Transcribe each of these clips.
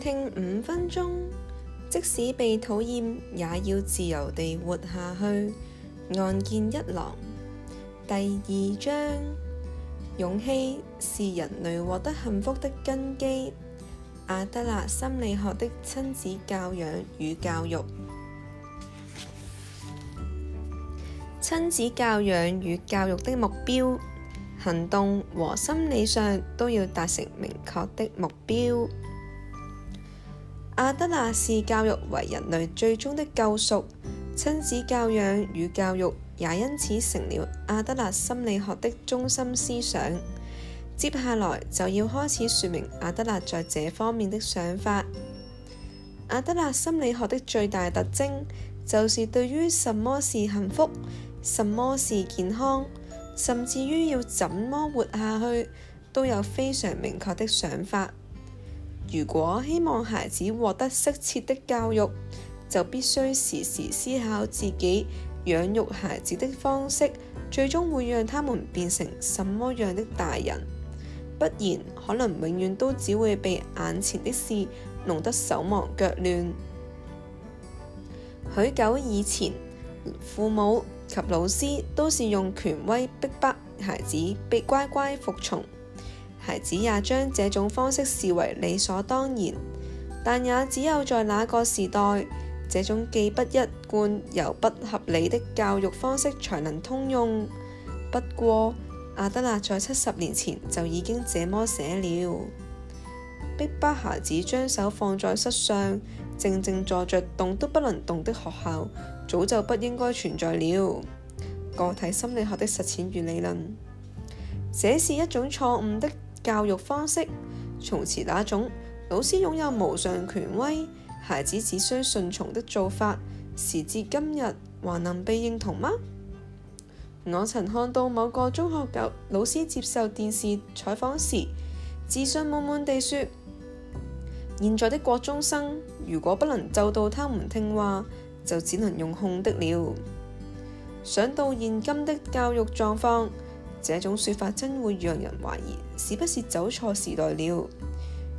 聽五分鐘，即使被討厭，也要自由地活下去。岸見一郎，第二章，勇氣是人類獲得幸福的根基。阿德勒心理學的親子教養與教育，親子教養與教育的目標，行動和心理上都要達成明確的目標。阿德勒視教育為人類最終的救贖，親子教養與教育也因此成了阿德勒心理學的中心思想。接下來就要開始說明阿德勒在這方面的想法。阿德勒心理學的最大特徵，就是對於什麼是幸福、什麼是健康，甚至於要怎麼活下去，都有非常明確的想法。如果希望孩子獲得適切的教育，就必須時時思考自己養育孩子的方式，最終會讓他們變成什麼樣的大人？不然，可能永遠都只會被眼前的事弄得手忙腳亂。許久以前，父母及老師都是用權威逼迫孩子被乖乖服從。孩子也將這種方式視為理所當然，但也只有在那個時代，這種既不一貫又不合理的教育方式才能通用。不過，阿德勒在七十年前就已經這麼寫了。逼迫孩子將手放在膝上，靜靜坐着動都不能動的學校，早就不應該存在了。個體心理學的實踐與理論，這是一種錯誤的。教育方式，從前那種老師擁有無上權威，孩子只需順從的做法，時至今日還能被認同嗎？我曾看到某個中學教老師接受電視採訪時，自信滿滿地說，現在的國中生如果不能就到他們聽話，就只能用哄的了。想到現今的教育狀況。這種說法真會讓人懷疑，是不是走錯時代了？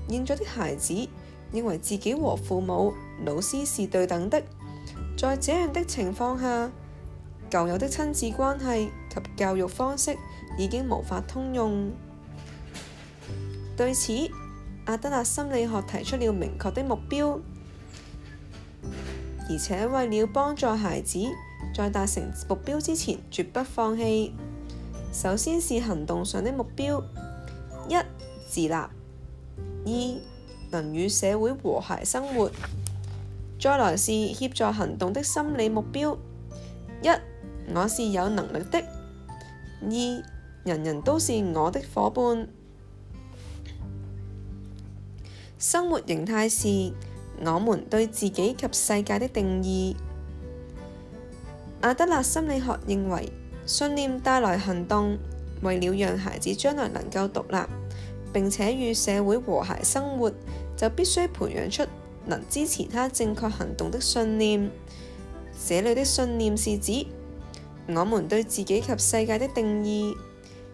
現在的孩子認為自己和父母、老師是對等的，在這樣的情況下，舊有的親子關係及教育方式已經無法通用。對此，阿德勒心理學提出了明確的目標，而且為了幫助孩子，在達成目標之前，絕不放棄。首先是行動上的目標：一自立，二能與社會和諧生活。再來是協助行動的心理目標：一我是有能力的，二人人都是我的伙伴。生活形態是我們對自己及世界的定義。阿德勒心理學認為，信念帶來行動。為了讓孩子將來能夠獨立，並且與社會和諧生活，就必須培養出能支持他正確行動的信念。這裏的信念是指我們對自己及世界的定義，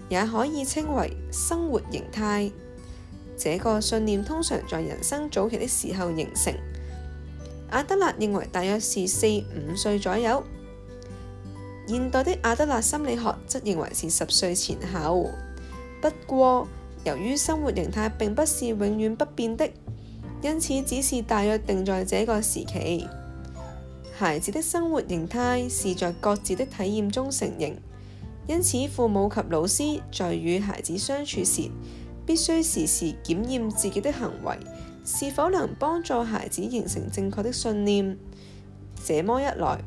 也可以稱為生活形態。這個信念通常在人生早期的時候形成。阿德勒認為，大約是四五歲左右。現代的阿德勒心理學則認為是十歲前後。不過，由於生活形態並不是永遠不變的，因此只是大約定在這個時期。孩子的生活形態是在各自的體驗中成形，因此父母及老師在與孩子相處時，必須時時檢驗自己的行為是否能幫助孩子形成正確的信念。這麼一來，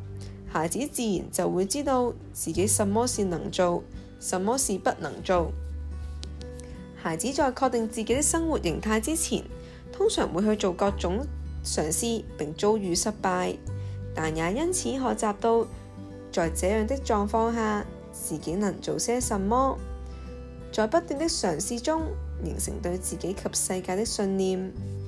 孩子自然就會知道自己什麼事能做，什麼事不能做。孩子在確定自己的生活形態之前，通常會去做各種嘗試並遭遇失敗，但也因此學習到在這樣的狀況下自己能做些什麼，在不斷的嘗試中形成對自己及世界的信念。